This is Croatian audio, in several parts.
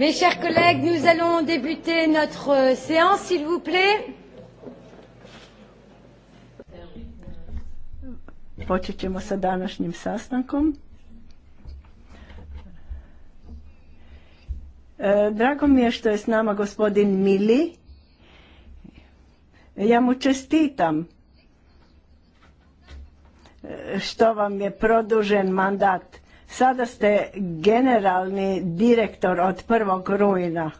Mes chers collègues, nous allons débuter notre euh, séance, s'il vous plaît. Počet ćemo sa današnjim sastankom. E, drago mi je što je s nama gospodin Mili. Ja mu čestitam e, što vam je produžen mandat Sada ste generalni direktor od prvog rujna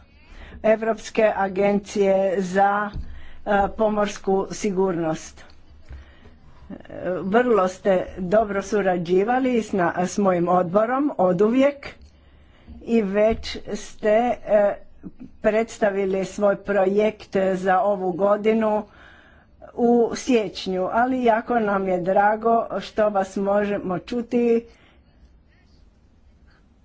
Europske agencije za e, pomorsku sigurnost. E, vrlo ste dobro surađivali s, na, mojim odborom od uvijek i već ste e, predstavili svoj projekt za ovu godinu u siječnju, ali jako nam je drago što vas možemo čuti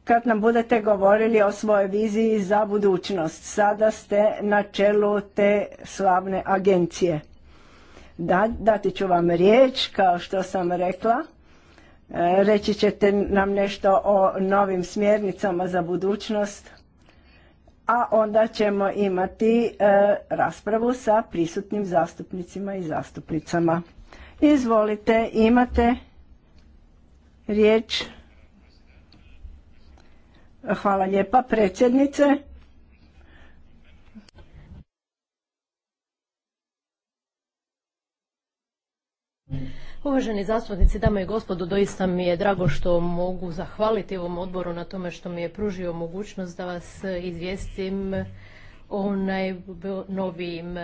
kad nam budete govorili o svojoj viziji za budućnost. Sada ste na čelu te slavne agencije. Da, dati ću vam riječ, kao što sam rekla. E, reći ćete nam nešto o novim smjernicama za budućnost, a onda ćemo imati e, raspravu sa prisutnim zastupnicima i zastupnicama. Izvolite, imate riječ. Hvala lijepa predsjednice. Uvaženi zastupnici, dame i gospodo, doista mi je drago što mogu zahvaliti ovom odboru na tome što mi je pružio mogućnost da vas izvijestim o najnovijim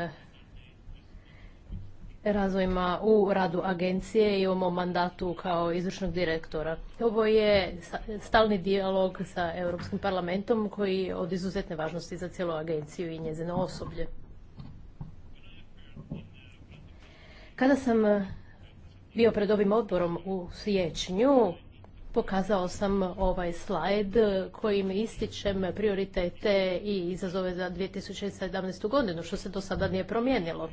razvojima u radu agencije i u mom mandatu kao izvršnog direktora. Ovo je stalni dijalog sa Europskim parlamentom koji je od izuzetne važnosti za cijelu agenciju i njezino osoblje. Kada sam bio pred ovim odborom u siječnju, pokazao sam ovaj slajd kojim ističem prioritete i izazove za 2017. godinu, što se do sada nije promijenilo.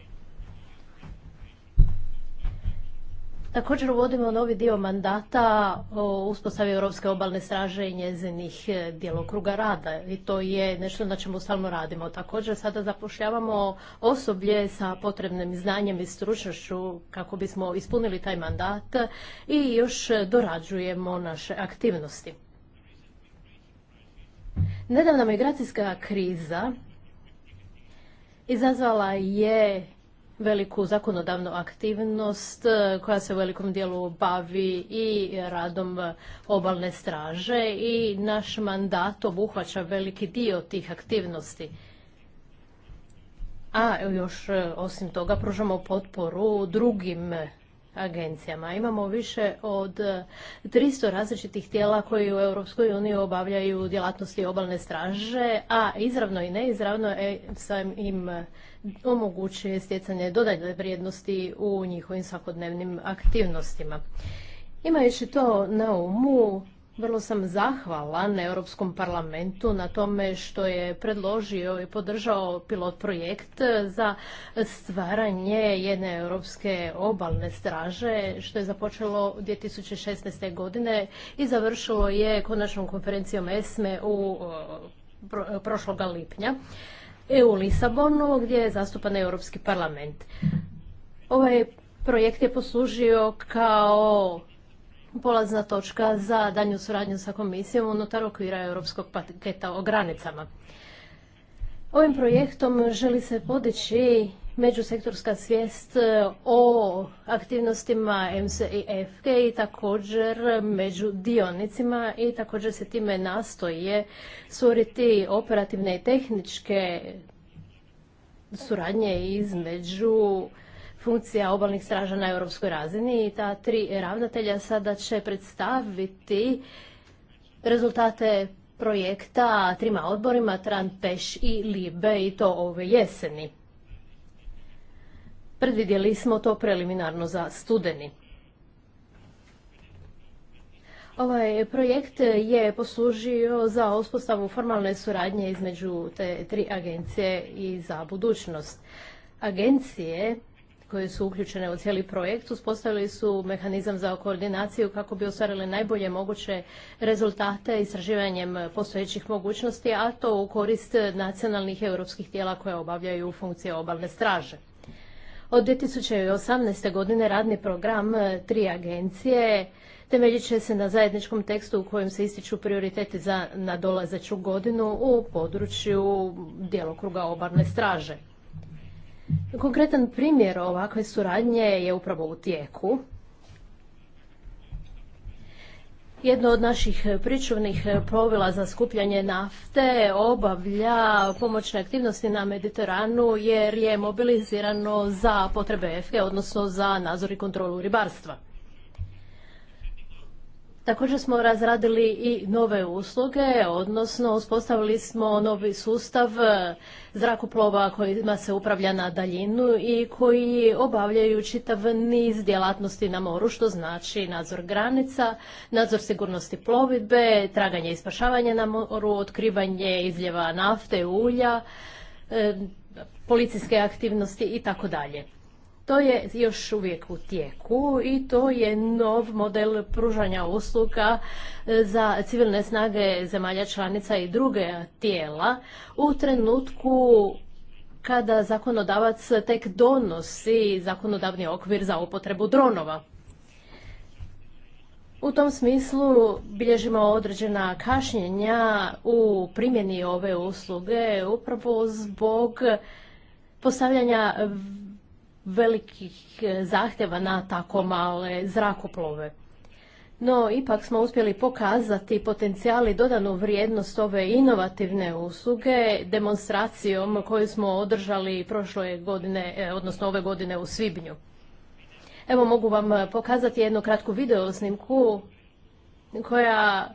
Također uvodimo novi dio mandata o uspostavi Europske obalne straže i njezinih e, djelokruga rada i to je nešto na čemu stalno radimo. Također sada zapošljavamo osoblje sa potrebnim znanjem i stručnošću kako bismo ispunili taj mandat i još dorađujemo naše aktivnosti. Nedavna migracijska kriza izazvala je veliku zakonodavnu aktivnost e, koja se u velikom dijelu bavi i radom obalne straže i naš mandat obuhvaća veliki dio tih aktivnosti. A još e, osim toga pružamo potporu drugim agencijama. Imamo više od 300 različitih tijela koji u Europskoj uniji obavljaju djelatnosti obalne straže, a izravno i neizravno sa e, sam im omogućuje stjecanje dodane vrijednosti u njihovim svakodnevnim aktivnostima. Imajući to na umu, vrlo sam zahvalna Europskom parlamentu na tome što je predložio i podržao pilot projekt za stvaranje jedne europske obalne straže što je započelo 2016. godine i završilo je konačnom konferencijom ESME u prošloga lipnja. EU Lisabonu gdje je zastupan Europski parlament. Ovaj projekt je poslužio kao polazna točka za danju suradnju sa komisijom unutar okvira Europskog paketa o granicama. Ovim projektom želi se podići međusektorska svijest e, o aktivnostima MC i i također među dionicima i također se time nastoje stvoriti operativne i tehničke suradnje između funkcija obalnih straža na europskoj razini i ta tri ravnatelja sada će predstaviti rezultate projekta trima odborima Tran, Peš i Libe i to ove jeseni. Predvidjeli smo to preliminarno za studeni. Ovaj projekt je poslužio za uspostavu formalne suradnje između te tri agencije i za budućnost. Agencije koje su uključene u cijeli projekt uspostavili su mehanizam za koordinaciju kako bi ostvarile najbolje moguće rezultate istraživanjem postojećih mogućnosti, a to u korist nacionalnih europskih tijela koje obavljaju funkcije obalne straže. Od 2018. godine radni program e, tri agencije temeljit će se na zajedničkom tekstu u kojem se ističu prioriteti za nadolazeću godinu u području djelokruga obalne straže. Konkretan primjer ovakve suradnje je upravo u tijeku jedno od naših e, pričuvnih e, plovila za skupljanje nafte obavlja pomoćne aktivnosti na Mediteranu jer je mobilizirano za potrebe EFE, odnosno za nadzor i kontrolu ribarstva. Također smo razradili i nove usluge, odnosno uspostavili smo novi sustav e, zrakoplova kojima se upravlja na daljinu i koji obavljaju čitav niz djelatnosti na moru, što znači nadzor granica, nadzor sigurnosti plovidbe, traganje i spašavanje na moru, otkrivanje izljeva nafte, ulja, e, policijske aktivnosti i tako dalje. To je još uvijek u tijeku i to je nov model pružanja usluga e, za civilne snage zemalja članica i druge tijela u trenutku kada zakonodavac tek donosi zakonodavni okvir za upotrebu dronova. U tom smislu bilježimo određena kašnjenja u primjeni ove usluge upravo zbog postavljanja velikih e, zahtjeva na tako male zrakoplove. No, ipak smo uspjeli pokazati potencijal i dodanu vrijednost ove inovativne usluge demonstracijom koju smo održali prošle godine, e, odnosno ove godine u Svibnju. Evo mogu vam pokazati jednu kratku video snimku koja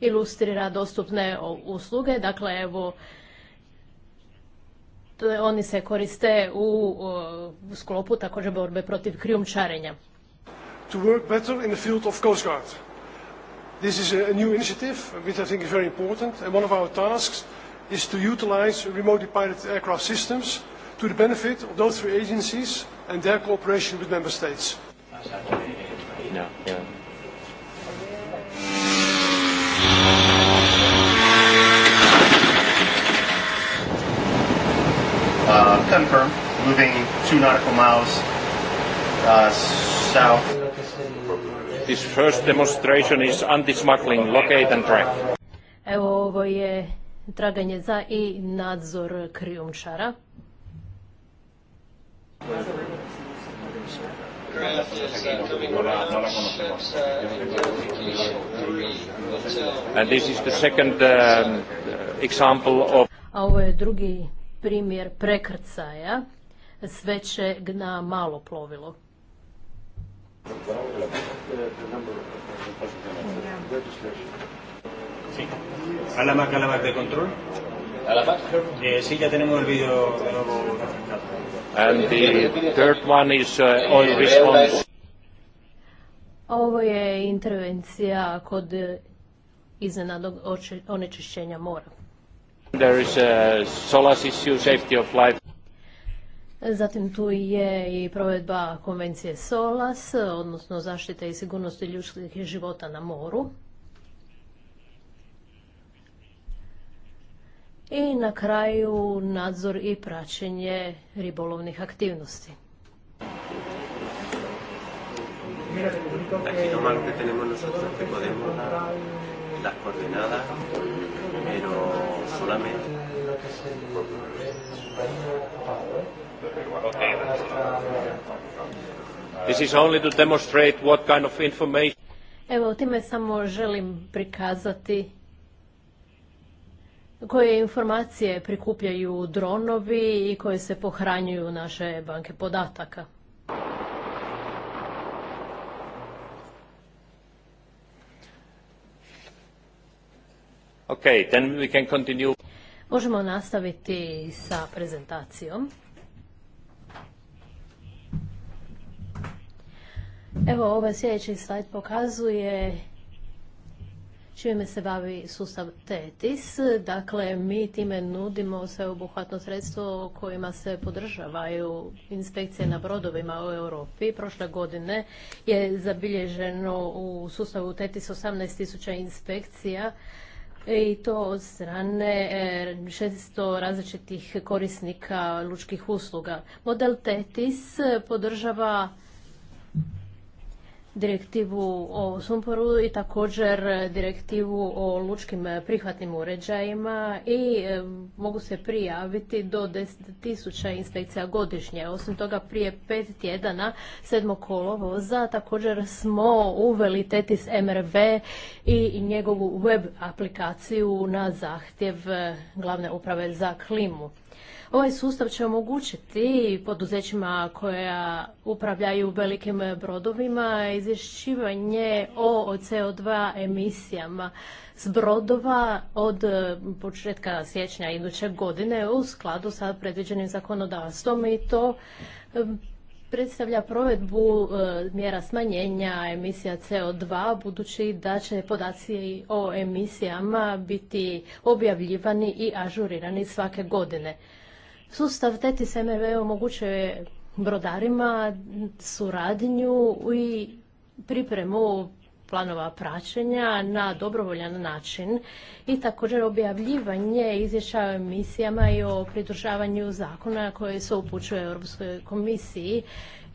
ilustrira dostupne usluge. Dakle, evo oni se koriste u, sklopu također borbe protiv krijumčarenja. To work better in the field of Coast Guard. This is a new initiative which I think is very important and one of our tasks is to utilize remotely piloted aircraft systems to the benefit of those three agencies and their cooperation with member states. uh, confirm, moving two nautical miles uh, south. This first demonstration is anti-smuggling, locate and track. Evo ovo je traganje za i nadzor krijumčara. And this is the second um, example of... A ovo je drugi primjer prekrcaja s većeg na malo plovilo. Sí. ¿A la Mac, a la Mac de control? ¿A la Mac? Eh, sí, ya tenemos el vídeo nuevo. And the third one is uh, oil response. Ovo je intervencija kod iznenadnog onečišćenja mora. Zatim tu je i provedba konvencije SOLAS, odnosno zaštite i sigurnosti ljudskih života na moru. I na kraju nadzor i praćenje ribolovnih aktivnosti. Aquí lo This is only to demonstrate what kind of information Evo, time samo želim prikazati koje informacije prikupljaju dronovi i koje se pohranjuju naše banke podataka. Okay, then we can continue. Možemo nastaviti sa prezentacijom. Evo, ovaj sljedeći slajd pokazuje čime se bavi sustav TETIS. Dakle, mi time nudimo sveobuhvatno sredstvo kojima se podržavaju inspekcije na brodovima u Europi. Prošle godine je zabilježeno u sustavu TETIS 18.000 inspekcija, E, i to od strane 600 e, različitih korisnika lučkih usluga. Model TETIS podržava direktivu o sumporu i također direktivu o lučkim prihvatnim uređajima i e, mogu se prijaviti do 10.000 inspekcija godišnje. Osim toga prije pet tjedana, sedmokolovoza kolovoza, također smo uveli TETIS MRV i njegovu web aplikaciju na zahtjev e, glavne uprave za klimu. Ovaj sustav će omogućiti poduzećima koja upravljaju velikim brodovima izvješćivanje o CO2 emisijama s brodova od početka siječnja iduće godine u skladu sa predviđenim zakonodavstvom i to predstavlja provedbu e, mjera smanjenja emisija CO2 budući da će podaci o emisijama biti objavljivani i ažurirani svake godine. Sustav TETIS MRV omogućuje brodarima suradnju i pripremu planova praćenja na dobrovoljan način i također objavljivanje izvješća o emisijama i o pridržavanju zakona koje se upućuje Europskoj komisiji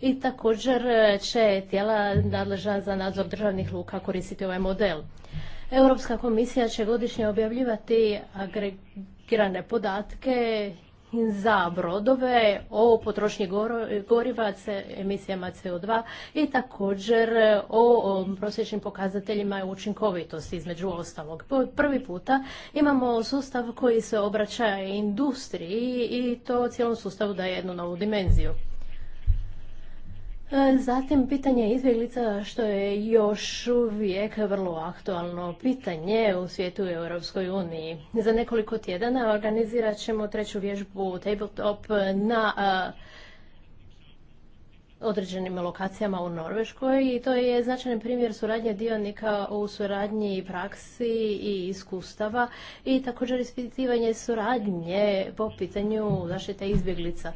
i također će tijela nadležna za nadzor državnih luka koristiti ovaj model. Europska komisija će godišnje objavljivati agregirane podatke za brodove o potrošnji goriva, emisijama CO2 i također o prosječnim pokazateljima učinkovitosti između ostalog. Prvi puta imamo sustav koji se obraća industriji i to cijelom sustavu daje jednu novu dimenziju. E, zatim pitanje izbjeglica što je još uvijek vrlo aktualno pitanje u svijetu i Europskoj uniji. Za nekoliko tjedana organizirat ćemo treću vježbu tabletop na e, određenim lokacijama u Norveškoj i to je značajan primjer suradnje dionika u suradnji i praksi i iskustava i također ispitivanje suradnje po pitanju zaštite izbjeglica.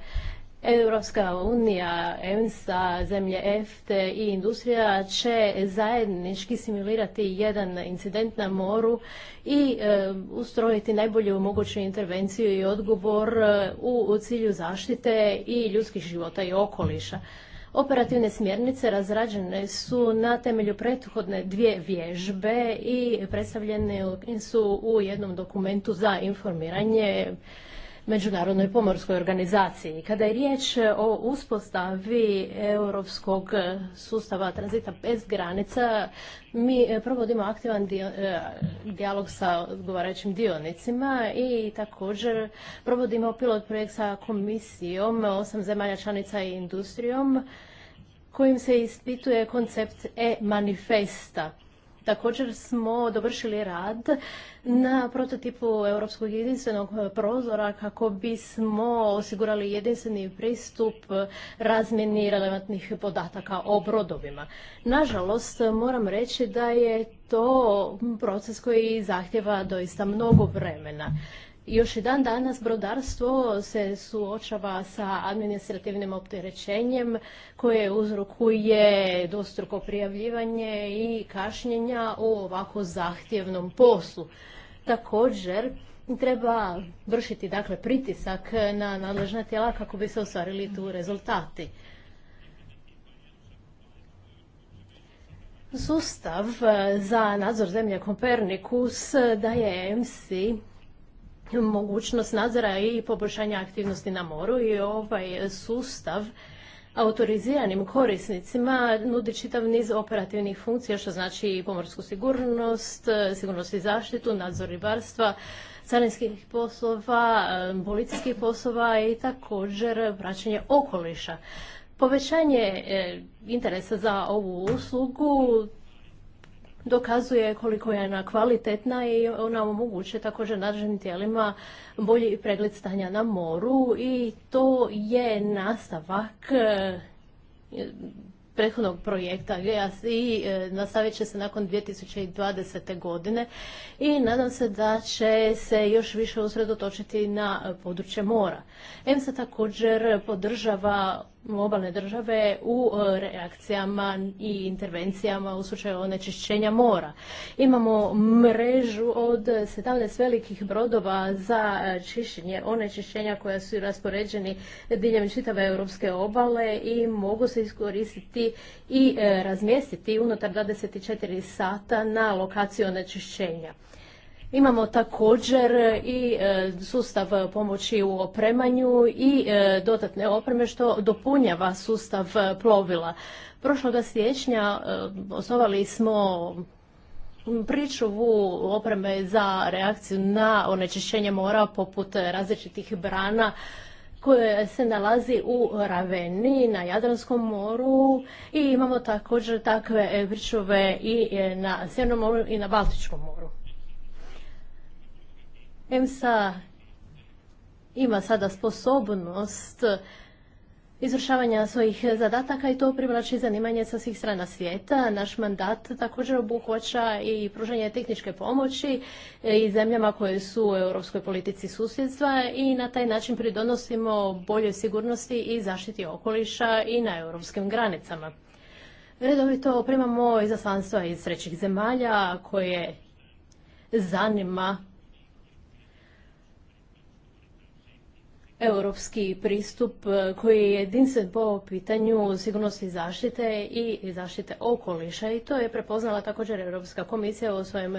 Europska unija, EMSA, zemlje EFTE i industrija će zajednički simulirati jedan incident na moru i e, ustrojiti najbolju moguću intervenciju i odgovor u, e, u cilju zaštite i ljudskih života i okoliša. Operativne smjernice razrađene su na temelju prethodne dvije vježbe i predstavljene su u jednom dokumentu za informiranje Međunarodnoj pomorskoj organizaciji. Kada je riječ o uspostavi europskog sustava tranzita bez granica, mi provodimo aktivan e, dijalog sa odgovarajućim dionicima i također provodimo pilot projekt sa komisijom, osam zemalja članica i industrijom, kojim se ispituje koncept e-manifesta. Također smo dovršili rad na prototipu europskog jedinstvenog prozora kako bismo osigurali jedinstveni pristup razmjeni relevantnih podataka o brodovima. Nažalost, moram reći da je to proces koji zahtjeva doista mnogo vremena. Još i dan danas brodarstvo se suočava sa administrativnim opterećenjem koje uzrokuje dostruko prijavljivanje i kašnjenja u ovako zahtjevnom poslu. Također, treba vršiti dakle, pritisak na nadležna tijela kako bi se ostvarili tu rezultati. Sustav za nadzor zemlje Kopernikus daje MC mogućnost nadzora i poboljšanja aktivnosti na moru i ovaj sustav autoriziranim korisnicima nudi čitav niz operativnih funkcija, što znači i pomorsku sigurnost, sigurnost i zaštitu, nadzor ribarstva, carinskih poslova, policijskih poslova i također vraćanje okoliša. Povećanje eh, interesa za ovu uslugu dokazuje koliko je ona kvalitetna i ona omogućuje također nadležnim tijelima bolji pregled stanja na moru i to je nastavak e, prethodnog projekta i e, nastavit će se nakon 2020. godine i nadam se da će se još više usredotočiti na područje mora. EMSA također podržava obalne države u e, reakcijama i intervencijama u slučaju onečišćenja mora. Imamo mrežu od 17 velikih brodova za e, čišćenje onečišćenja koja su raspoređeni diljem čitave europske obale i mogu se iskoristiti i e, razmjestiti unutar 24 sata na lokaciju onečišćenja. Imamo također i e, sustav pomoći u opremanju i e, dodatne opreme što dopunjava sustav e, plovila. Prošloga siječnja osnovali smo pričuvu opreme za reakciju na onečišćenje mora poput različitih brana koje se nalazi u Raveni na Jadranskom moru i imamo također takve pričuve i na Sjevernom moru i na Baltičkom moru. EMSA ima sada sposobnost izvršavanja svojih zadataka i to privlači zanimanje sa svih strana svijeta. Naš mandat također obuhvaća i pružanje tehničke pomoći e, i zemljama koje su u europskoj politici susjedstva i na taj način pridonosimo boljoj sigurnosti i zaštiti okoliša i na europskim granicama. Redovito primamo izaslanstva iz trećih zemalja koje zanima europski pristup e, koji je jedinstven po pitanju sigurnosti zaštite i zaštite okoliša i to je prepoznala također Europska komisija u svojem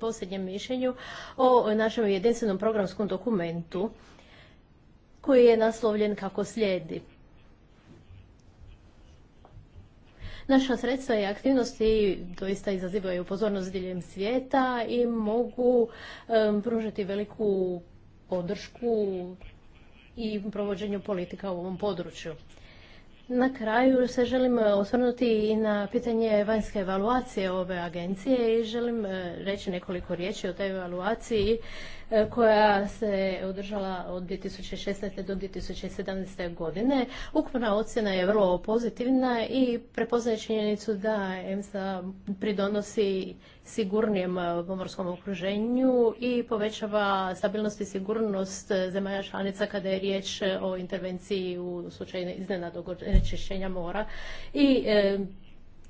posljednjem mišljenju o našem jedinstvenom programskom dokumentu koji je naslovljen kako slijedi. Naša sredstva i aktivnosti doista izazivaju pozornost diljem svijeta i mogu e, pružiti veliku podršku i provođenju politika u ovom području. Na kraju se želim e, osvrnuti i na pitanje vanjske evaluacije ove agencije i želim e, reći nekoliko riječi o toj evaluaciji E, koja se održala od 2016. do 2017. godine. Ukupna ocjena je vrlo pozitivna i prepoznaje činjenicu da EMSA pridonosi sigurnijem e, pomorskom okruženju i povećava stabilnost i sigurnost zemalja članica kada je riječ o intervenciji u slučaju iznenadnog onečišćenja mora i e,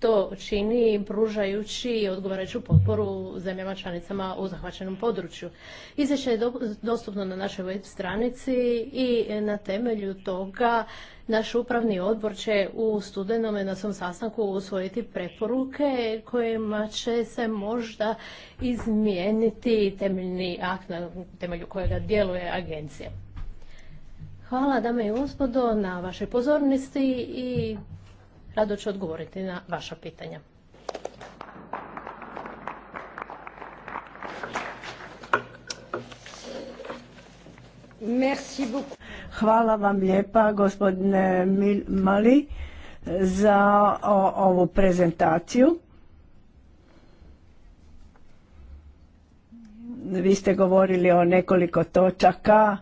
to čini pružajući odgovarajuću potporu zemljama članicama u zahvaćenom području. Izvješće je dostupno na našoj web stranici i na temelju toga naš upravni odbor će u studenome na svom sastanku usvojiti preporuke kojima će se možda izmijeniti temeljni akt na temelju kojega djeluje agencija. Hvala dame i gospodo na vašoj pozornosti i Rado ću odgovoriti na vaša pitanja. Hvala vam lijepa gospodine Mali za ovu prezentaciju. Vi ste govorili o nekoliko točaka,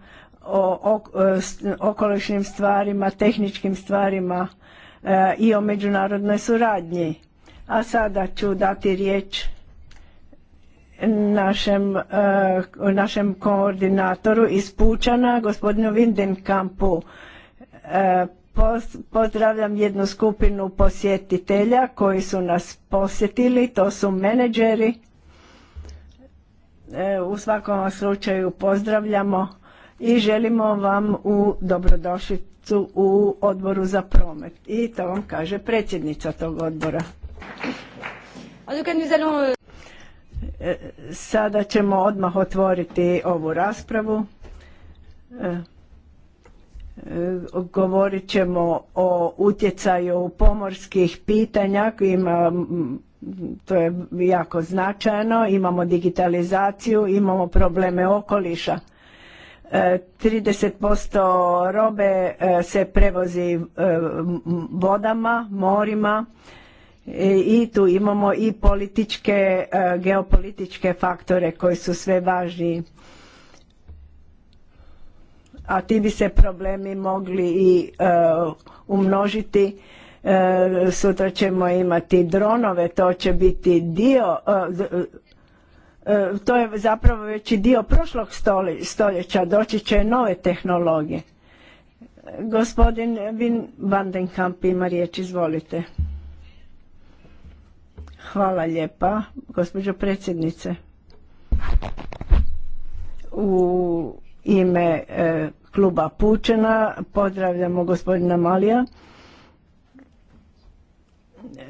o e, okolišnim stvarima, tehničkim stvarima i o međunarodnoj suradnji. A sada ću dati riječ našem, eh, našem koordinatoru iz Pučana, gospodinu Vindenkampu. Eh, pozdravljam jednu skupinu posjetitelja koji su nas posjetili, to su menadžeri. Eh, u svakom slučaju pozdravljamo i želimo vam u dobrodošli, u odboru za promet. I to vam kaže predsjednica tog odbora. E, sada ćemo odmah otvoriti ovu raspravu. E, e, govorit ćemo o utjecaju pomorskih pitanja. Ima, to je jako značajno. Imamo digitalizaciju, imamo probleme okoliša 30% robe e, se prevozi e, vodama, morima e, i tu imamo i političke, geopolitičke faktore koji su sve važniji. A ti bi se problemi mogli i umnožiti. Sutra ćemo imati dronove, to će biti dio E, to je zapravo već i dio prošlog stoljeća, doći će nove tehnologije. Gospodin Vin Vandenkamp ima riječ, izvolite. Hvala lijepa, gospođo predsjednice. U ime e, kluba Pučena pozdravljamo gospodina Malija.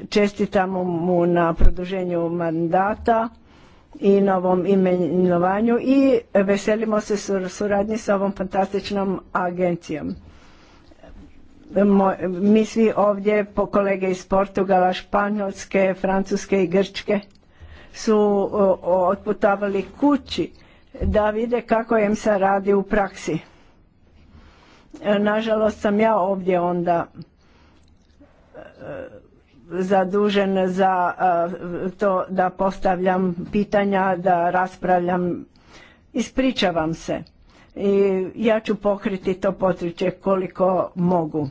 Čestitamo mu na produženju mandata i novom imenovanju i veselimo se suradnji sa ovom fantastičnom agencijom. Mi svi ovdje, po kolege iz Portugala, Španjolske, Francuske i Grčke, su otputavali kući da vide kako im se radi u praksi. Nažalost sam ja ovdje onda zadužen za e, to da postavljam pitanja, da raspravljam. Ispričavam se i ja ću pokriti to područje koliko mogu.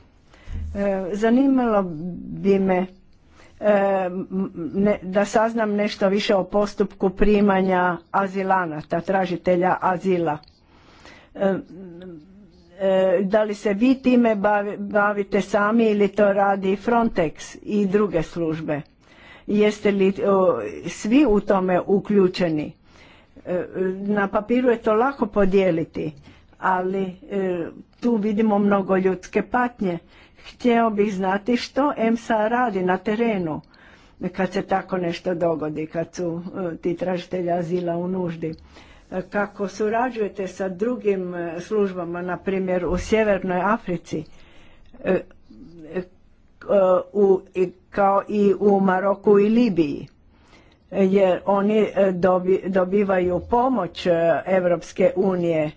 E, zanimalo bi me e, da saznam nešto više o postupku primanja azilanata, tražitelja azila E, da li se vi time bavite sami ili to radi Frontex i druge službe? Jeste li svi u tome uključeni? E, na papiru je to lako podijeliti, ali e, tu vidimo mnogo ljudske patnje. Htio bih znati što EMSA radi na terenu kad se tako nešto dogodi, kad su ti tražitelji azila u nuždi kako surađujete sa drugim e, službama, na primjer u Sjevernoj Africi, e, e, u, kao i u Maroku i Libiji, jer oni dobivaju pomoć Evropske unije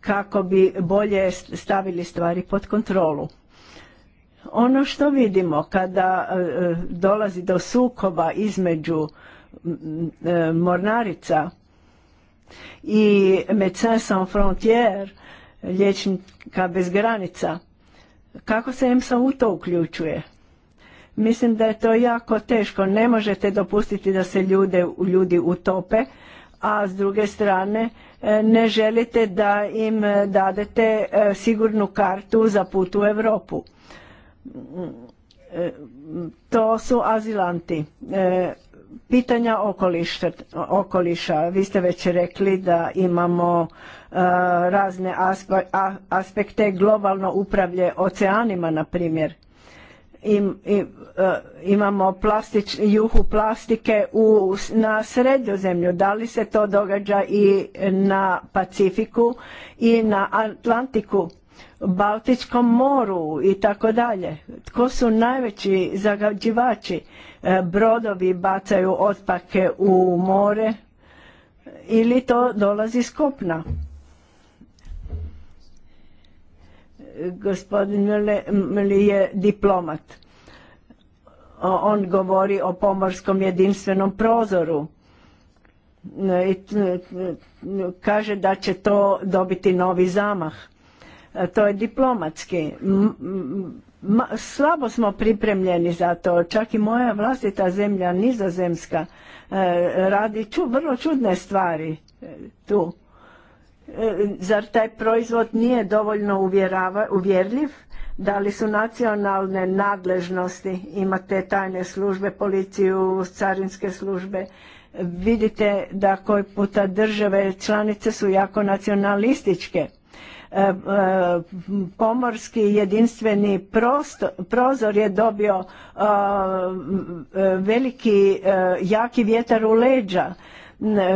kako bi bolje stavili stvari pod kontrolu. Ono što vidimo kada dolazi do sukoba između mornarica, i Médecins sans frontières, liječnika bez granica. Kako se EMSA u to uključuje? Mislim da je to jako teško. Ne možete dopustiti da se ljude, ljudi utope, a s druge strane e, ne želite da im e, dadete e, sigurnu kartu za put u Europu. To su azilanti pitanja okoliša. Vi ste već rekli da imamo e, razne aspekte globalno upravlje oceanima, na primjer. E, imamo juhu plastike na na zemlju. Da li se to događa i na Pacifiku i na Atlantiku, Baltičkom moru i tako dalje. Tko su najveći zagađivači? brodovi bacaju otpake u more ili to dolazi s Gospodin Mili je diplomat. On govori o pomorskom jedinstvenom prozoru. E, e, kaže da će to dobiti novi zamah. E, to je diplomatski slabo smo pripremljeni za to. Čak i moja vlastita zemlja, nizozemska, e, radi ču, vrlo čudne stvari e, tu. E, zar taj proizvod nije dovoljno uvjerava, uvjerljiv? Da li su nacionalne nadležnosti? Imate tajne službe, policiju, carinske službe. Vidite da koji puta države članice su jako nacionalističke E, e, pomorski jedinstveni prozor je dobio e, veliki jaki vjetar u leđa.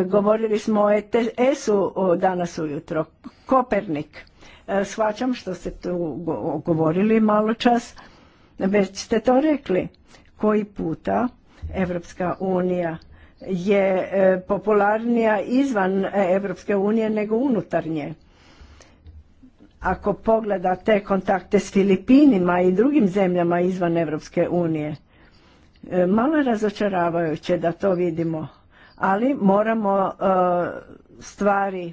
Govorili smo o ETS-u danas ujutro. Kopernik. Shvaćam što ste tu govorili malo čas. Već ste to rekli. Koji puta Evropska unija je popularnija izvan Evropske unije nego unutarnje. Ako pogledate kontakte s Filipinima i drugim zemljama izvan Europske unije, e, malo je razočaravajuće da to vidimo, ali moramo e, stvari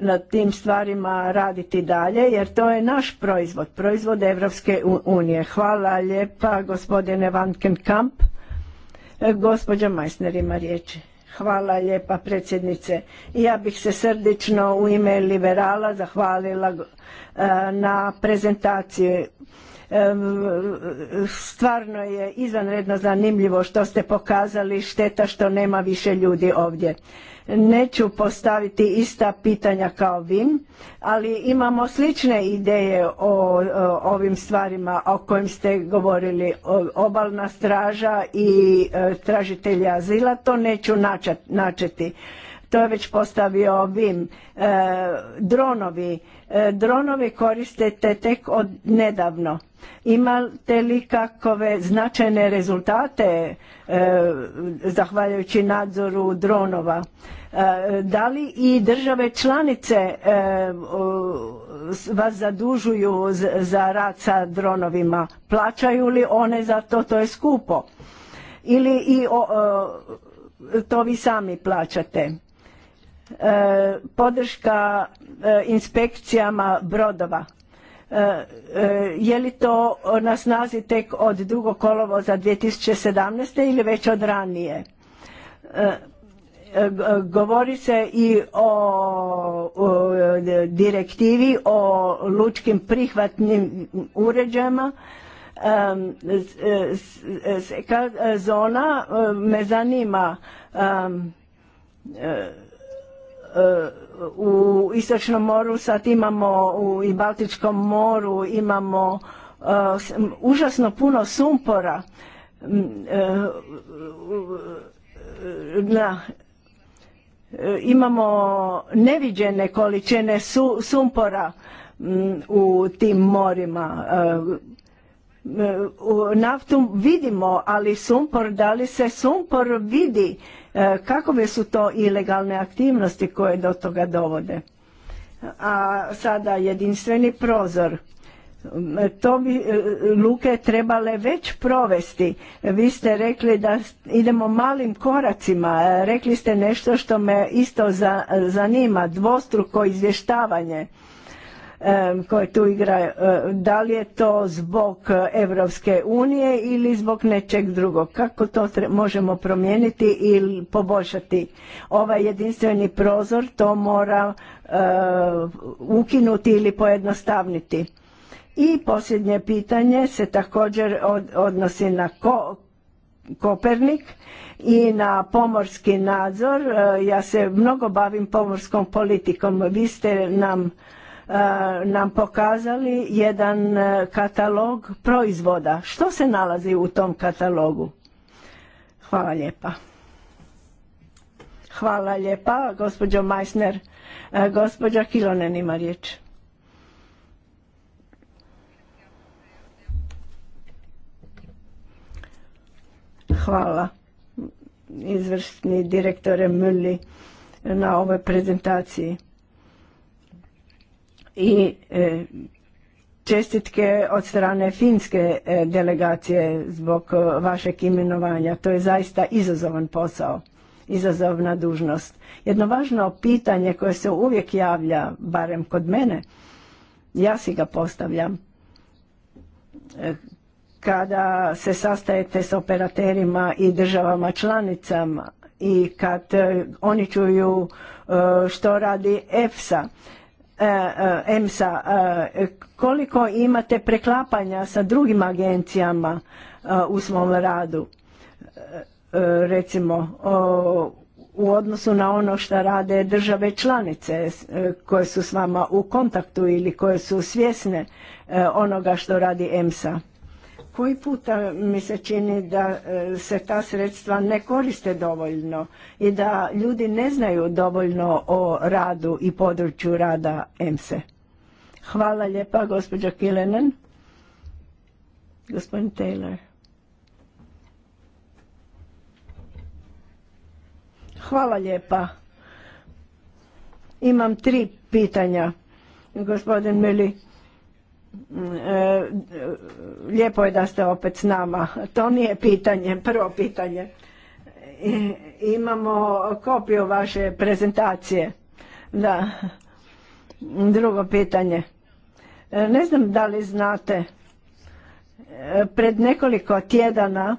na tim stvarima raditi dalje, jer to je naš proizvod, proizvod Evropske unije. Hvala lijepa gospodine Vankenkamp. E, gospođa Majsner ima riječi. Hvala lijepa predsjednice. Ja bih se srdično u ime liberala zahvalila eh, na prezentaciji Stvarno je izvanredno zanimljivo što ste pokazali, šteta što nema više ljudi ovdje. Neću postaviti ista pitanja kao vi, ali imamo slične ideje o, ovim stvarima o kojim ste govorili. obalna straža i e, tražitelji azila, to neću načeti to je već postavio Vim, e, dronovi. E, dronovi koristite tek od nedavno. Imate li kakove značajne rezultate e, zahvaljujući nadzoru dronova? E, da li i države članice vas zadužuju za rad sa dronovima? Plaćaju li one za to? To je skupo. Ili i to vi sami plaćate? E, podrška e, inspekcijama brodova. E, je li to na snazi tek od kolovo kolovoza 2017. ili već od ranije? Govori se i o direktivi o lučkim prihvatnim uređajima. Zona me zanima u Istočnom moru, sad imamo u, i Baltičkom moru, imamo e, užasno puno sumpora. E, e, imamo neviđene količine sumpora u tim morima naftu vidimo, ali sumpor, da li se sumpor vidi e, kakove su to ilegalne aktivnosti koje do toga dovode. A sada jedinstveni prozor. To bi e, luke trebale već provesti. Vi ste rekli da idemo malim koracima. E, rekli ste nešto što me isto zanima, dvostruko izvještavanje koje tu igra, e, da li je to zbog Evropske unije ili zbog nečeg drugog? Kako to možemo promijeniti ili poboljšati? Ovaj jedinstveni prozor to mora e, ukinuti ili pojednostavniti. I posljednje pitanje se također odnosi na Kopernik i na pomorski nadzor. E, ja se mnogo bavim pomorskom politikom. Vi ste nam E, nam pokazali jedan e, katalog proizvoda. Što se nalazi u tom katalogu? Hvala lijepa. Hvala lijepa, gospođo Majsner. E, gospođa Kilonen ima riječ. Hvala, izvršni direktore Mülli, na ovoj prezentaciji i e, čestitke od strane finske e, delegacije zbog e, vašeg imenovanja. To je zaista izazovan posao, izazovna dužnost. Jedno važno pitanje koje se uvijek javlja, barem kod mene, ja si ga postavljam, kada se sastajete s operaterima i državama članicama i kad oni čuju što radi EFSA, E, e, EMSA, e, koliko imate preklapanja sa drugim agencijama u svom radu, recimo u odnosu na ono što rade države članice koje su s vama u kontaktu ili koje su svjesne onoga što radi EMSA? Koji puta mi se čini da e, se ta sredstva ne koriste dovoljno i da ljudi ne znaju dovoljno o radu i području rada EMSE? Hvala lijepa, gospođo Kilenen. Gospodin Taylor. Hvala lijepa. Imam tri pitanja, gospodin Mili E, e, lijepo je da ste opet s nama. To nije pitanje, prvo pitanje. Imamo kopiju vaše prezentacije. Da. Drugo pitanje. E, ne znam da li znate, pred nekoliko tjedana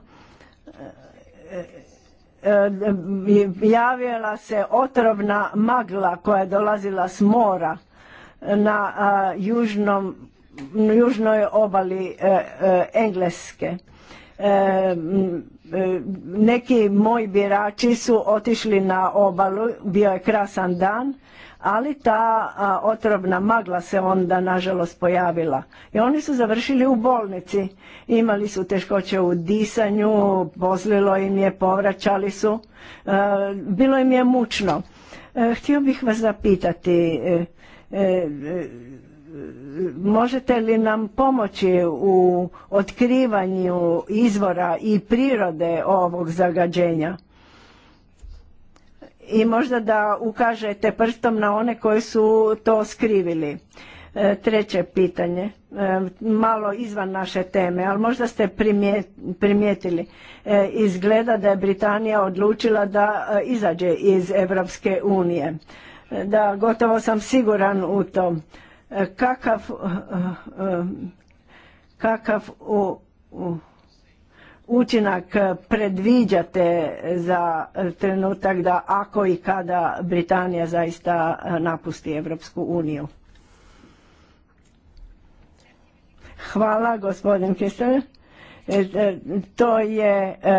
javila se otrovna magla koja je dolazila s mora na južnom južnoj obali e, e, Engleske. E, neki moji birači su otišli na obalu, bio je krasan dan, ali ta otrovna magla se onda nažalost pojavila. I oni su završili u bolnici. Imali su teškoće u disanju, pozlilo im je, povraćali su. Bilo im je mučno. Htio bih vas zapitati, možete li nam pomoći u otkrivanju izvora i prirode ovog zagađenja? I možda da ukažete prstom na one koji su to skrivili. E, treće pitanje, e, malo izvan naše teme, ali možda ste primijetili, e, izgleda da je Britanija odlučila da izađe iz Europske unije. Da, gotovo sam siguran u tom kakav eh, eh, kakav u, u, učinak predviđate za trenutak da ako i kada Britanija zaista napusti Europsku uniju? Hvala gospodin e, e, To je e,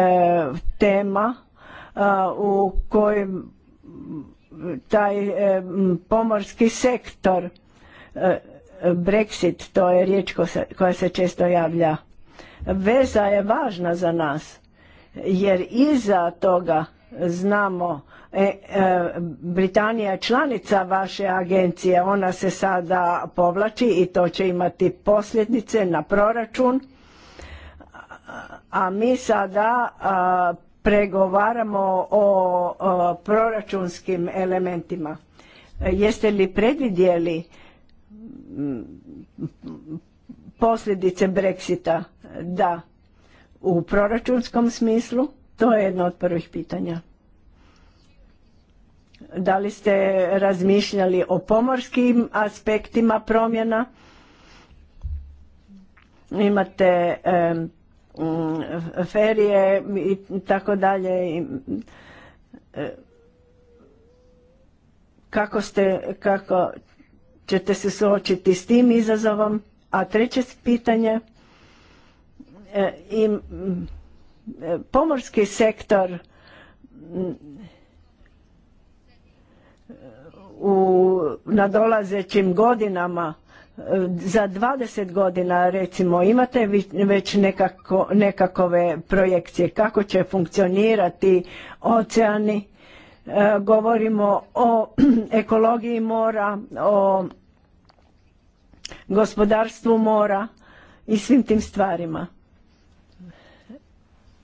tema u kojoj taj pomorski sektor E, Brexit, to je riječ koja se često javlja. Veza je važna za nas, jer iza toga znamo, e, e, Britanija je članica vaše agencije, ona se sada povlači i to će imati posljedice na proračun, a mi sada pregovaramo o proračunskim elementima. Jeste li predvidjeli posljedice Brexita? Da, u proračunskom smislu, to je jedno od prvih pitanja. Da li ste razmišljali o pomorskim aspektima promjena? Imate e, ferije i tako dalje. E, kako ste, kako ćete se suočiti s tim izazovom? A treće pitanje, e, i e, pomorski sektor mm, u nadolazećim godinama e, za 20 godina recimo imate već nekakove projekcije kako će funkcionirati oceani E, govorimo o ekologiji mora, o gospodarstvu mora i svim tim stvarima.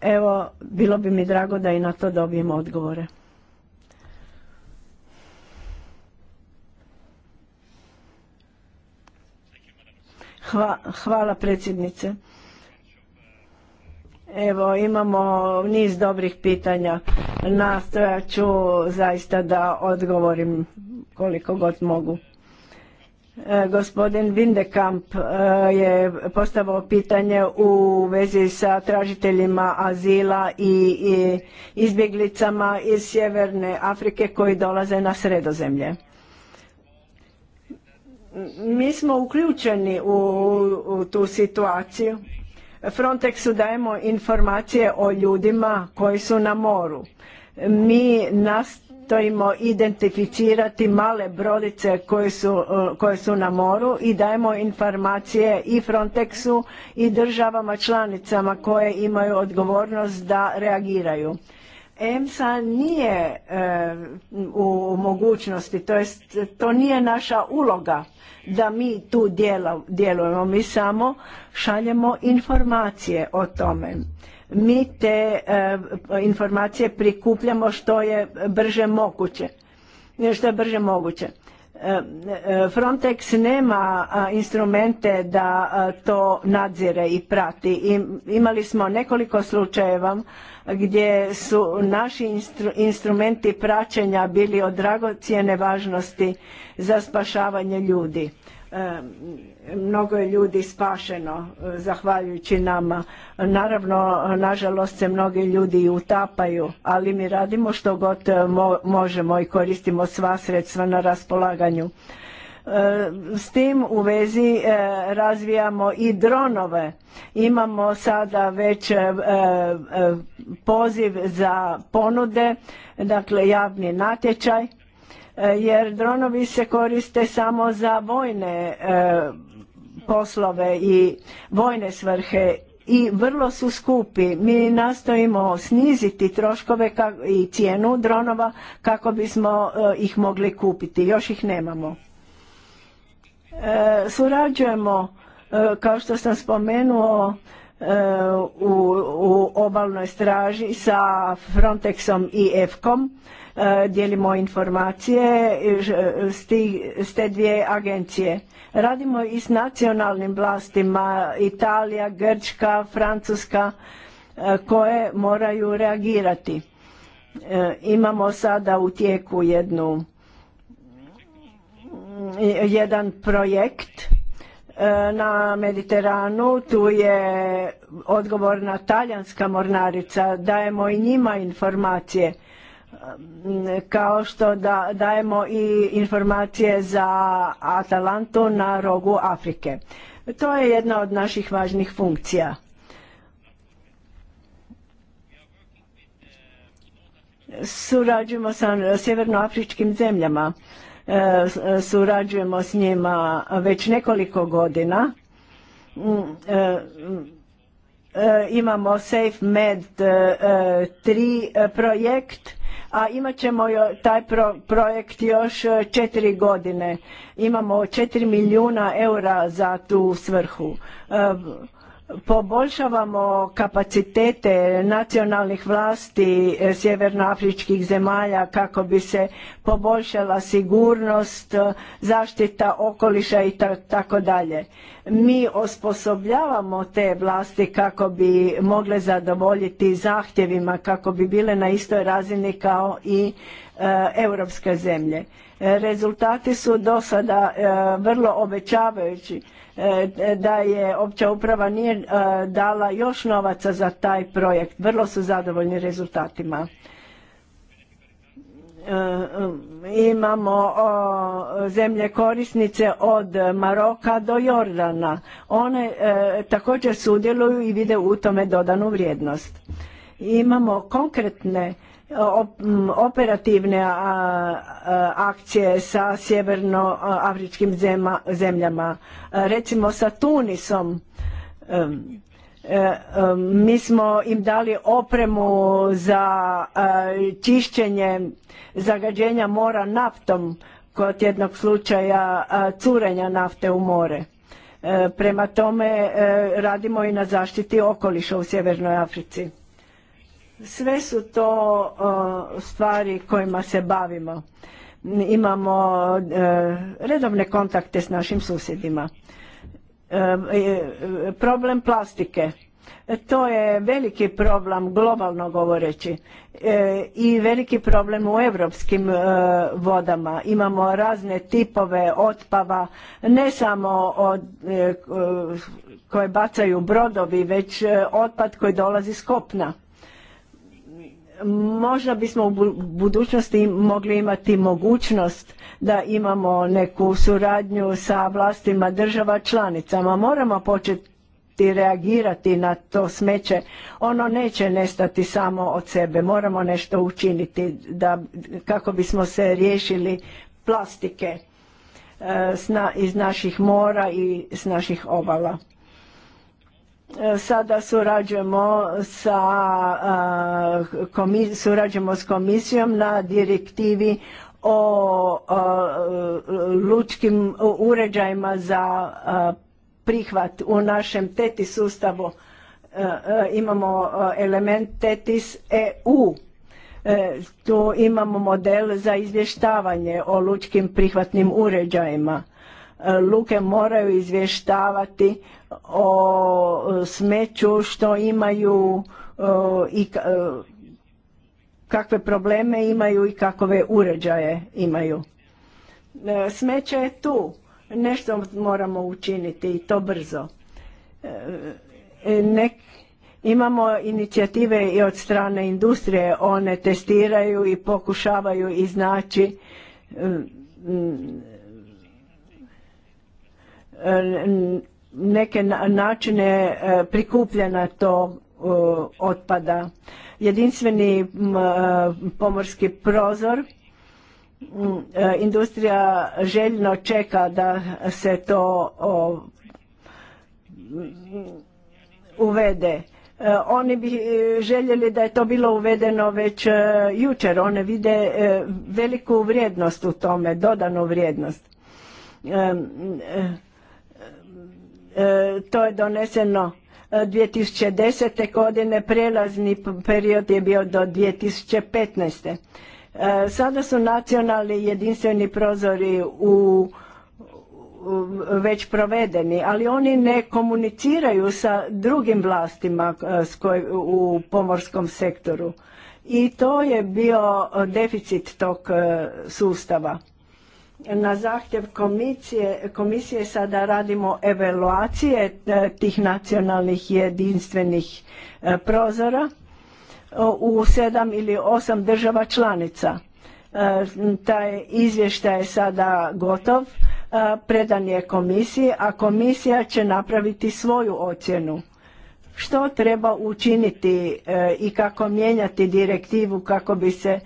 Evo, bilo bi mi drago da i na to dobijemo odgovore. hvala predsjednice. Evo, imamo niz dobrih pitanja. Nastojat ću zaista da odgovorim koliko god mogu. E, gospodin Windekamp e, je postavio pitanje u vezi sa tražiteljima azila i, izbjeglicama iz Sjeverne Afrike koji dolaze na sredozemlje. Mi smo uključeni u tu situaciju Frontexu dajemo informacije o ljudima koji su na moru. Mi nastojimo identificirati male brodice koje su, e, su na moru i dajemo informacije i Frontexu i državama članicama koje imaju odgovornost da reagiraju EMSA nije e, u mogućnosti, to jest to nije naša uloga da mi tu djelujemo, mi samo šaljemo informacije o tome. Mi te e, informacije prikupljamo što je brže moguće. Što je brže moguće. Frontex nema instrumente da to nadzire i prati. Imali smo nekoliko slučajeva gdje su naši instrumenti praćenja bili od dragocjene važnosti za spašavanje ljudi mnogo je ljudi spašeno e, zahvaljujući nama. Naravno, nažalost se mnogi ljudi utapaju, ali mi radimo što god e, možemo i koristimo sva sredstva na raspolaganju. E, s tim u vezi razvijamo i dronove. Imamo sada već poziv za ponude, dakle javni natječaj E, jer dronovi se koriste samo za vojne e, poslove i vojne svrhe i vrlo su skupi. Mi nastojimo sniziti troškove i cijenu dronova kako bismo e, ih mogli kupiti. Još ih nemamo. Surađujemo, kao što sam spomenuo, u, obalnoj straži sa Frontexom i EFKom E, dijelimo informacije s te dvije agencije. Radimo i s nacionalnim vlastima, Italija, Grčka, Francuska, e, koje moraju reagirati. E, imamo sada u tijeku jednu, jedan projekt na Mediteranu, tu je odgovorna talijanska mornarica, dajemo i njima informacije kao što da dajemo i informacije za Atalantu na rogu Afrike. To je jedna od naših važnih funkcija. Surađujemo sa sjevernoafričkim zemljama, e, surađujemo s njima već nekoliko godina. Mm, e, e, imamo Safe Med 3 projekt a imat ćemo taj projekt još e, četiri godine. Imamo četiri milijuna eura za tu svrhu. E, poboljšavamo kapacitete nacionalnih vlasti e, sjevernoafričkih zemalja kako bi se poboljšala sigurnost, zaštita okoliša i tako dalje mi osposobljavamo te vlasti kako bi mogle zadovoljiti zahtjevima kako bi bile na istoj razini kao i e, europske zemlje. rezultati su do sada e, vrlo obećavajući e, da je opća uprava nije dala još novaca za taj projekt. Vrlo su zadovoljni rezultatima. E, e, imamo zemlje korisnice od Maroka do Jordana. One e, također sudjeluju i vide u tome dodanu vrijednost. Imamo konkretne operativne akcije sa sjevernoafričkim zemljama, recimo sa Tunisom E, mi smo im dali opremu za e, čišćenje zagađenja mora naftom kod jednog slučaja e, curenja nafte u more. Prema tome radimo i na zaštiti okoliša u Sjevernoj Africi. Sve su to stvari kojima se bavimo. Imamo redovne kontakte s našim susjedima. E, e, problem plastike. E, to je veliki problem globalno govoreći i veliki problem u europskim vodama. Imamo razne tipove otpava, ne samo od, koje bacaju brodovi, već otpad koji dolazi s kopna možda bismo u budućnosti mogli imati mogućnost da imamo neku suradnju sa vlastima država članicama. Moramo početi reagirati na to smeće. Ono neće nestati samo od sebe. Moramo nešto učiniti da, kako bismo se riješili plastike e, iz naših mora i s naših obala. Sada surađujemo sa surađujemo s komisijom na direktivi o lučkim uređajima za prihvat u našem TETIS sustavu. Imamo element TETIS EU. E, tu imamo model za izvještavanje o lučkim prihvatnim uređajima luke moraju izvještavati o e, smeću što imaju e, i e, kakve probleme imaju i kakove uređaje imaju. Smeće je tu, nešto moramo učiniti i to brzo. Nek, imamo inicijative i od strane industrije, one testiraju i pokušavaju iznaći neke načine e, prikupljena to e, otpada. Jedinstveni e, pomorski prozor, industrija željno čeka da se to uvede. Oni bi željeli da je to bilo uvedeno već jučer. One vide veliku vrijednost u tome, dodanu vrijednost E, to je doneseno 2010. E, godine, prelazni period je bio do 2015. E, sada su nacionalni jedinstveni prozori u već provedeni, ali oni ne komuniciraju sa drugim vlastima u pomorskom sektoru. I to je bio deficit tog sustava na zahtjev komisije, komisije sada radimo evaluacije e, tih nacionalnih jedinstvenih e, prozora u sedam ili osam država članica. E, taj izvještaj je sada gotov, predan je komisiji, a komisija će napraviti svoju ocjenu. Što treba učiniti i kako mijenjati direktivu kako bi se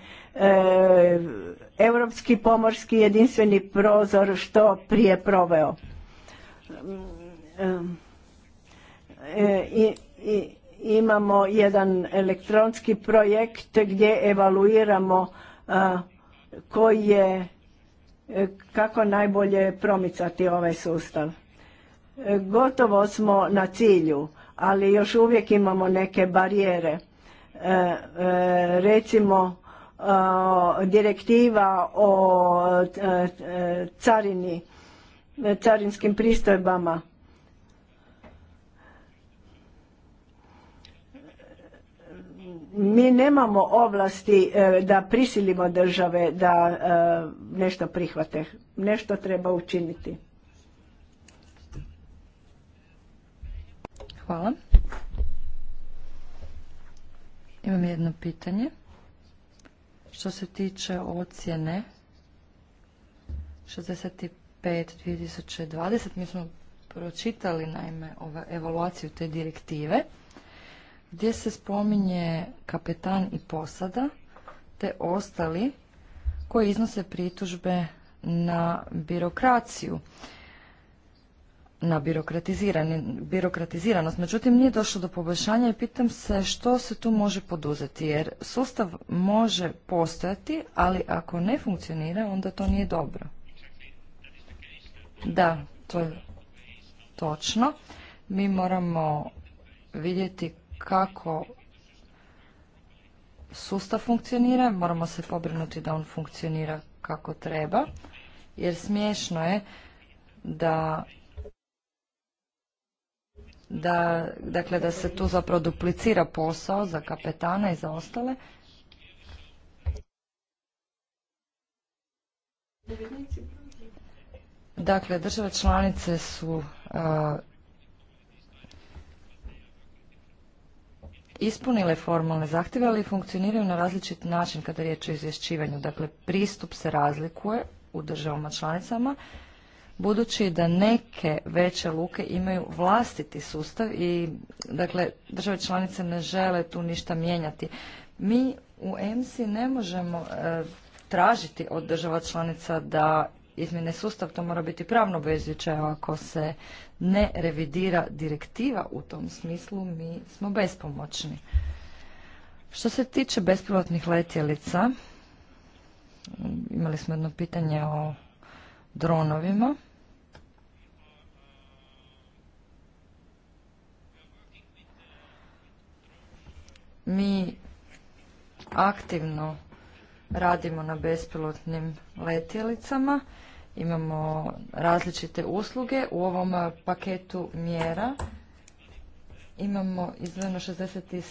europski pomorski jedinstveni prozor što prije proveo. Mm, e, I, imamo jedan elektronski projekt gdje evaluiramo koji je e, kako najbolje promicati ovaj sustav. E, gotovo smo na cilju, ali još uvijek imamo neke barijere. recimo Eh, direktiva o eh, carini, carinskim pristojbama. Mi nemamo ovlasti eh, da prisilimo države da nešto prihvate. Nešto treba učiniti. Hvala. Imam jedno pitanje. Što se tiče ocjene 65 2020, mi smo pročitali naime evaluaciju te direktive gdje se spominje kapetan i posada te ostali koji iznose pritužbe na birokraciju na birokratiziranost. Međutim, nije došlo do poboljšanja i pitam se što se tu može poduzeti, jer sustav može postojati, ali ako ne funkcionira, onda to nije dobro. Da, to je točno. Mi moramo vidjeti kako sustav funkcionira, moramo se pobrinuti da on funkcionira kako treba, jer smiješno je da da, dakle, da se tu zapravo duplicira posao za kapetana i za ostale. Dakle, države članice su uh, ispunile formalne zahtjeve, ali funkcioniraju na različit način kada je riječ o izvješćivanju. Dakle, pristup se razlikuje u državama članicama budući da neke veće luke imaju vlastiti sustav i dakle države članice ne žele tu ništa mijenjati. Mi u EMSI ne možemo e, tražiti od država članica da izmjene sustav, to mora biti pravno obvezujuće, ako se ne revidira direktiva u tom smislu, mi smo bespomoćni. Što se tiče bespilotnih letjelica, imali smo jedno pitanje o dronovima. Mi aktivno radimo na bespilotnim letjelicama, imamo različite usluge. U ovom paketu mjera imamo izvrno 67,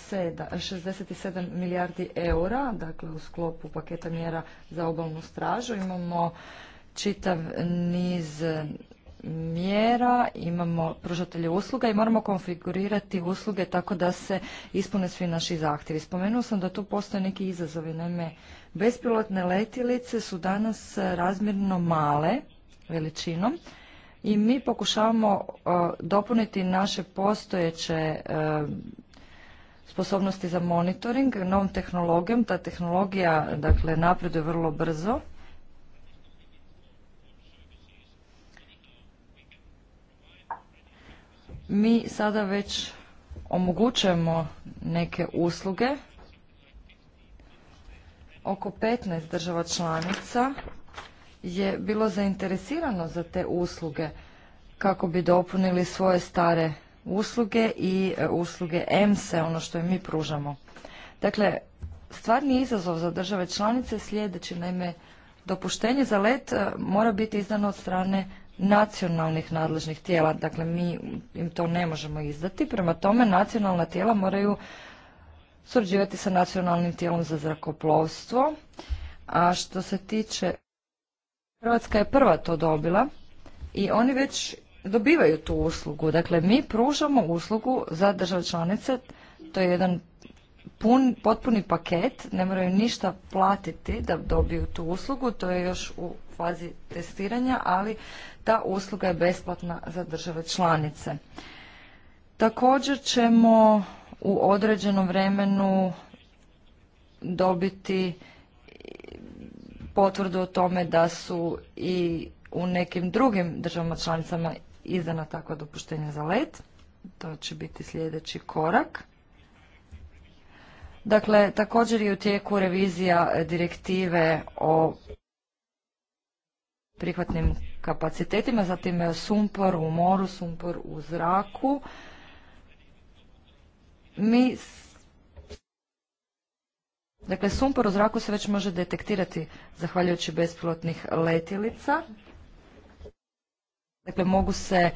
67 milijardi eura, dakle u sklopu paketa mjera za obalnu stražu. Imamo čitav niz mjera, imamo pružatelje usluga i moramo konfigurirati usluge tako da se ispune svi naši zahtjevi. Spomenuo sam da tu postoje neki izazovi. Naime, bespilotne letjelice su danas razmjerno male veličinom i mi pokušavamo e, dopuniti naše postojeće e, sposobnosti za monitoring novom tehnologijom. Ta tehnologija dakle, napreduje vrlo brzo mi sada već omogućujemo neke usluge. Oko 15 država članica je bilo zainteresirano za te usluge kako bi dopunili svoje stare usluge i e, usluge EMSE, ono što je mi pružamo. Dakle, stvarni izazov za države članice sljedeći, naime, dopuštenje za let e, mora biti izdano od strane nacionalnih nadležnih tijela. Dakle, mi im to ne možemo izdati. Prema tome, nacionalna tijela moraju surađivati sa nacionalnim tijelom za zrakoplovstvo. A što se tiče Hrvatska je prva to dobila i oni već dobivaju tu uslugu. Dakle, mi pružamo uslugu za države članice, to je jedan pun, potpuni paket, ne moraju ništa platiti da dobiju tu uslugu, to je još u fazi testiranja, ali ta usluga je besplatna za države članice. Također ćemo u određenom vremenu dobiti potvrdu o tome da su i u nekim drugim državama članicama izdana takva dopuštenja za let. To će biti sljedeći korak. Dakle, također je u tijeku revizija direktive o prihvatnim kapacitetima, zatim e, sumpor u moru, sumpor u zraku. Mi Dakle, sumpor u zraku se već može detektirati zahvaljujući bespilotnih letjelica. Dakle, mogu se e,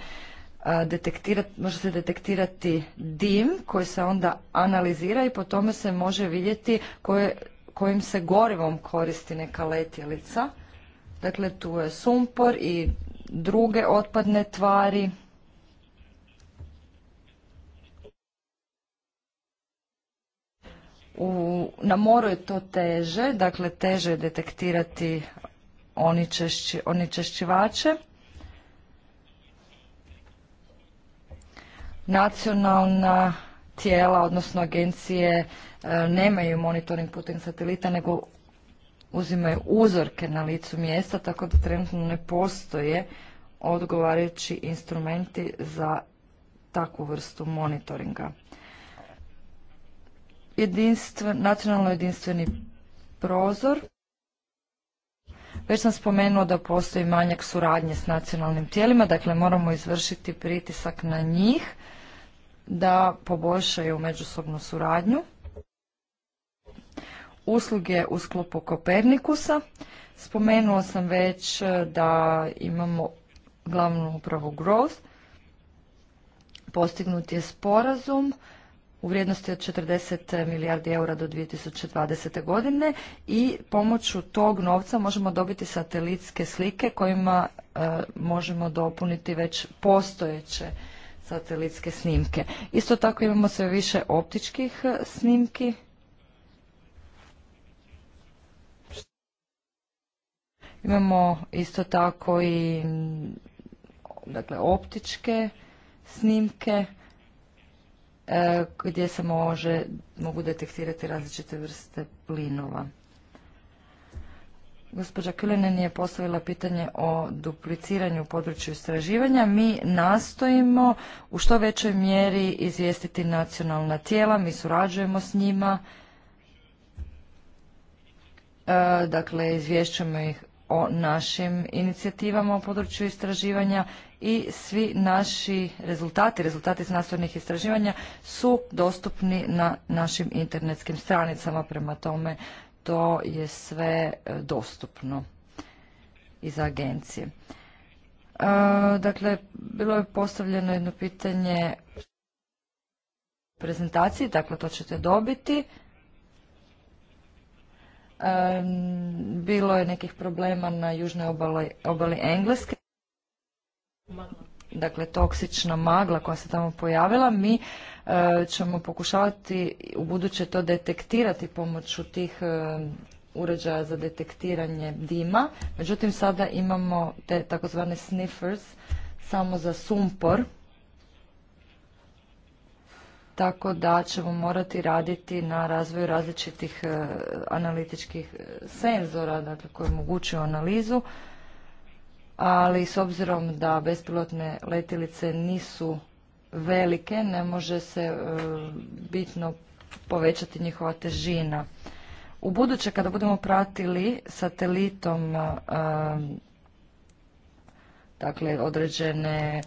detektirati, može se detektirati dim koji se onda analizira i po tome se može vidjeti koje, kojim se gorivom koristi neka letjelica. Dakle, tu je sumpor i druge otpadne tvari. U, na moru je to teže, dakle teže je detektirati oni češćivače. Nacionalna tijela, odnosno agencije, e, nemaju monitoring putem satelita, nego uzimaju uzorke na licu mjesta, tako da trenutno ne postoje odgovarajući instrumenti za takvu vrstu monitoringa. Jedinstven, nacionalno jedinstveni prozor. Već sam spomenuo da postoji manjak suradnje s nacionalnim tijelima, dakle moramo izvršiti pritisak na njih da poboljšaju međusobnu suradnju usluge u sklopu Kopernikusa. Spomenuo sam već e, da imamo glavnu upravu Growth. Postignut je sporazum u vrijednosti od 40 milijardi eura do 2020. godine i pomoću tog novca možemo dobiti satelitske slike kojima e, možemo dopuniti već postojeće satelitske snimke. Isto tako imamo sve više optičkih e, snimki Imamo isto tako i dakle, optičke snimke e, gdje se može, mogu detektirati različite vrste plinova. Gospođa Kulenen je postavila pitanje o dupliciranju u području istraživanja. Mi nastojimo u što većoj mjeri izvijestiti nacionalna tijela, mi surađujemo s njima, e, dakle izvješćujemo ih o našim inicijativama u području istraživanja i svi naši rezultati, rezultati znanstvenih istraživanja su dostupni na našim internetskim stranicama, prema tome to je sve e, dostupno iz agencije. E, dakle, bilo je postavljeno jedno pitanje prezentaciji, dakle to ćete dobiti bilo je nekih problema na južnoj obali, Engleske. Dakle, toksična magla koja se tamo pojavila, mi e, ćemo pokušavati u buduće to detektirati pomoću tih e, uređaja za detektiranje dima. Međutim, sada imamo te takozvane sniffers samo za sumpor tako da ćemo morati raditi na razvoju različitih e, analitičkih e, senzora dakle, koji omogućuju analizu, ali s obzirom da bespilotne letilice nisu velike, ne može se e, bitno povećati njihova težina. U buduće kada budemo pratili satelitom dakle određene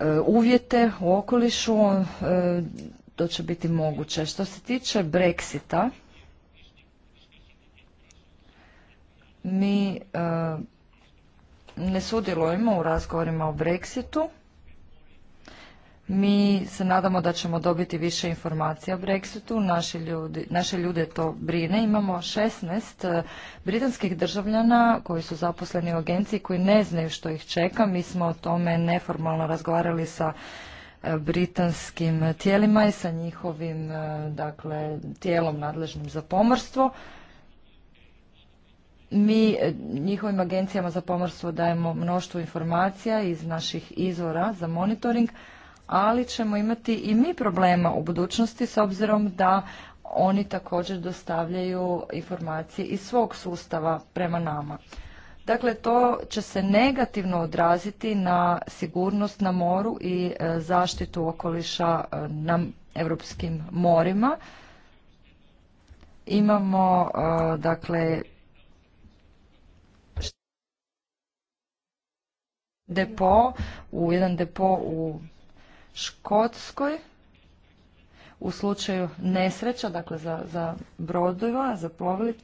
E, uvjete u okolišu, e, to će biti moguće. Što se tiče Brexita, mi e, ne sudjelujemo u razgovorima o Brexitu, mi se nadamo da ćemo dobiti više informacija o Brexitu, naše, ljudi, ljude to brine. Imamo 16 e, britanskih državljana koji su zaposleni u agenciji koji ne znaju što ih čeka. Mi smo o tome neformalno razgovarali sa e, britanskim tijelima i sa njihovim e, dakle, tijelom nadležnim za pomorstvo. Mi njihovim agencijama za pomorstvo dajemo mnoštvo informacija iz naših izvora za monitoring, ali ćemo imati i mi problema u budućnosti s obzirom da oni također dostavljaju informacije iz svog sustava prema nama. Dakle, to će se negativno odraziti na sigurnost na moru i e, zaštitu okoliša e, na europskim morima. Imamo, e, dakle, depo, u jedan depo u Škotskoj u slučaju nesreća, dakle za, za brodova, za plovili.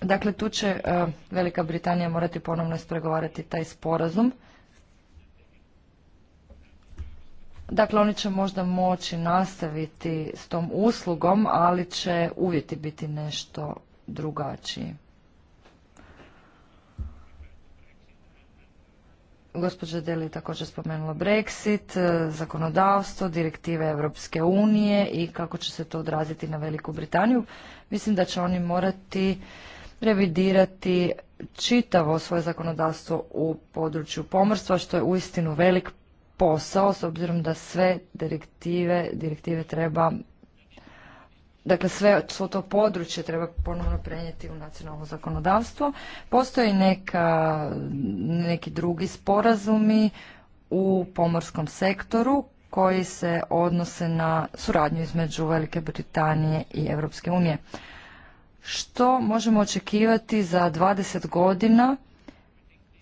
Dakle, tu će e, Velika Britanija morati ponovno ispregovarati taj sporazum. Dakle, oni će možda moći nastaviti s tom uslugom, ali će uvjeti biti nešto drugačiji. Gospođa Deli je također spomenula Brexit, e, zakonodavstvo, direktive Europske unije i kako će se to odraziti na Veliku Britaniju. Mislim da će oni morati revidirati čitavo svoje zakonodavstvo u području pomorstva, što je uistinu velik posao, s obzirom da sve direktive, direktive treba dakle sve svo to područje treba ponovno prenijeti u nacionalno zakonodavstvo. Postoje neka, neki drugi sporazumi u pomorskom sektoru koji se odnose na suradnju između Velike Britanije i Europske unije. Što možemo očekivati za 20 godina,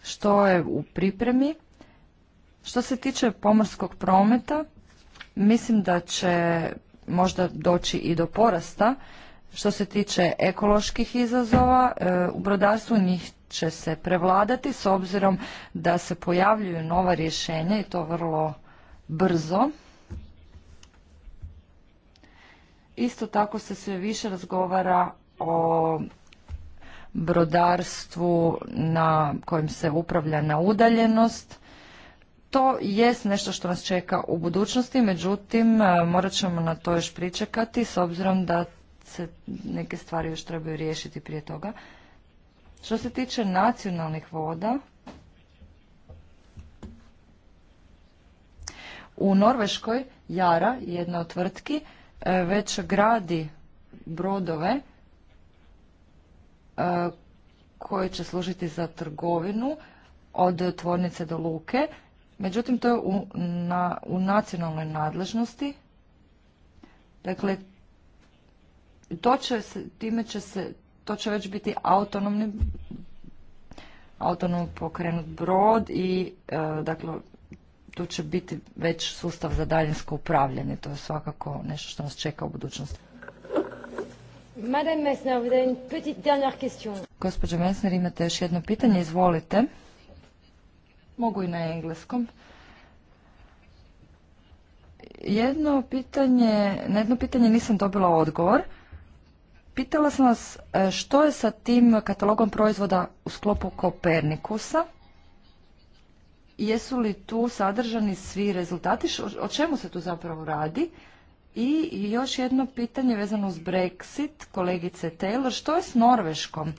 što je u pripremi? Što se tiče pomorskog prometa, mislim da će možda doći i do porasta. Što se tiče ekoloških izazova, e, u brodarstvu njih će se prevladati s obzirom da se pojavljuju nova rješenja i to vrlo brzo. Isto tako se sve više razgovara o brodarstvu na kojem se upravlja na udaljenost to jest nešto što nas čeka u budućnosti, međutim e, morat ćemo na to još pričekati s obzirom da se neke stvari još trebaju riješiti prije toga. Što se tiče nacionalnih voda, u Norveškoj Jara, jedna od tvrtki, e, već gradi brodove e, koji će služiti za trgovinu od tvornice do luke Međutim, to je u, na, u nacionalnoj nadležnosti. Dakle, to će se, time će se, to će već biti autonomni autonomno pokrenut brod i e, dakle tu će biti već sustav za daljinsko upravljanje. To je svakako nešto što nas čeka u budućnosti. Madame vous avez une petite dernière question. Gospođo Messner, imate još jedno pitanje, izvolite mogu i na engleskom. Jedno pitanje, na jedno pitanje nisam dobila odgovor. Pitala sam vas e, što je sa tim katalogom proizvoda u sklopu Kopernikusa? Jesu li tu sadržani svi rezultati? O čemu se tu zapravo radi? I još jedno pitanje vezano uz Brexit, kolegice Taylor, što je s Norveškom?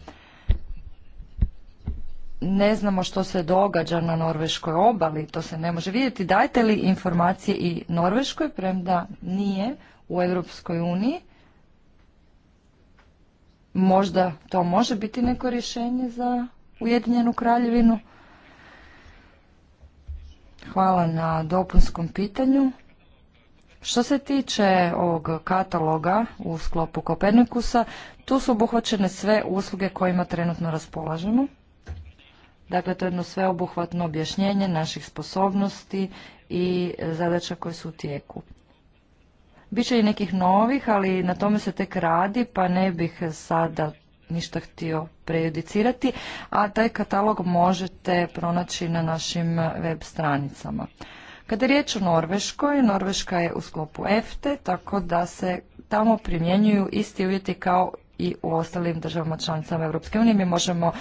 ne znamo što se događa na norveškoj obali, to se ne može vidjeti. Dajte li informacije i Norveškoj, premda nije u Europskoj uniji? Možda to može biti neko rješenje za Ujedinjenu kraljevinu? Hvala na dopunskom pitanju. Što se tiče ovog kataloga u sklopu Kopernikusa, tu su obuhvaćene sve usluge kojima trenutno raspolažemo. Dakle, to je jedno sveobuhvatno objašnjenje naših sposobnosti i zadaća koje su u tijeku. Biće i nekih novih, ali na tome se tek radi, pa ne bih sada ništa htio prejudicirati, a taj katalog možete pronaći na našim web stranicama. Kada je riječ o Norveškoj, Norveška je u sklopu EFTE, tako da se tamo primjenjuju isti uvjeti kao i u ostalim državama članicama EU. Mi možemo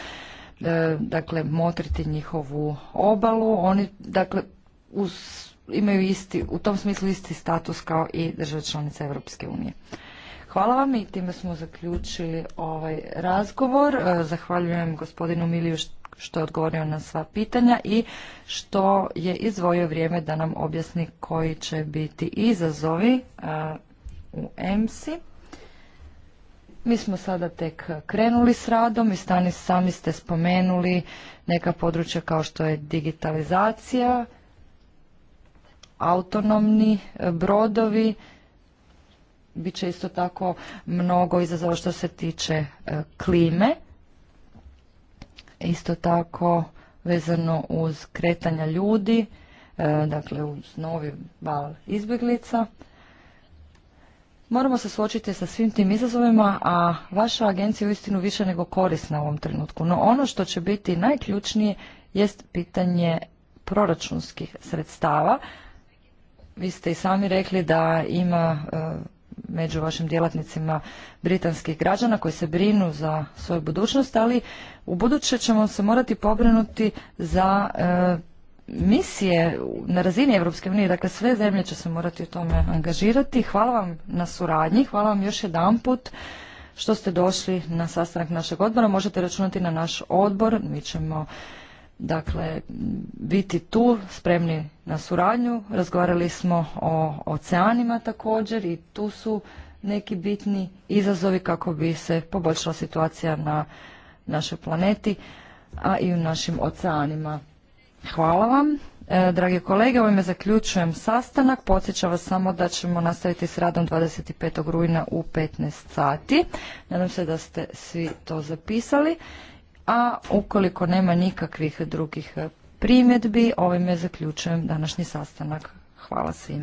E, dakle motriti njihovu obalu. Oni dakle uz, imaju isti, u tom smislu isti status kao i države članice Europske unije. Hvala vam i time smo zaključili ovaj razgovor. E, zahvaljujem gospodinu Miliju što je odgovorio na sva pitanja i što je izvojio vrijeme da nam objasni koji će biti izazovi e, u EMSI. Mi smo sada tek krenuli s radom i stani sami ste spomenuli neka područja kao što je digitalizacija, autonomni e, brodovi, bit će isto tako mnogo izazova što se tiče e, klime, isto tako vezano uz kretanja ljudi, e, dakle uz novi val izbjeglica. Moramo se suočiti sa svim tim izazovima, a vaša agencija je uistinu više nego korisna u ovom trenutku. No ono što će biti najključnije jest pitanje proračunskih sredstava. Vi ste i sami rekli da ima e, među vašim djelatnicima britanskih građana koji se brinu za svoju budućnost, ali u buduće ćemo se morati pobrinuti za e, misije na razini Europske unije, dakle sve zemlje će se morati u tome angažirati. Hvala vam na suradnji, hvala vam još jedanput što ste došli na sastanak našeg odbora. Možete računati na naš odbor, mi ćemo dakle biti tu spremni na suradnju. Razgovarali smo o oceanima također i tu su neki bitni izazovi kako bi se poboljšala situacija na našoj planeti, a i u našim oceanima. Hvala vam. E, Drage kolege, ovime zaključujem sastanak. Podsjećam vas samo da ćemo nastaviti s radom 25. rujna u 15 sati. Nadam se da ste svi to zapisali. A ukoliko nema nikakvih drugih primjedbi, ovime zaključujem današnji sastanak. Hvala svima.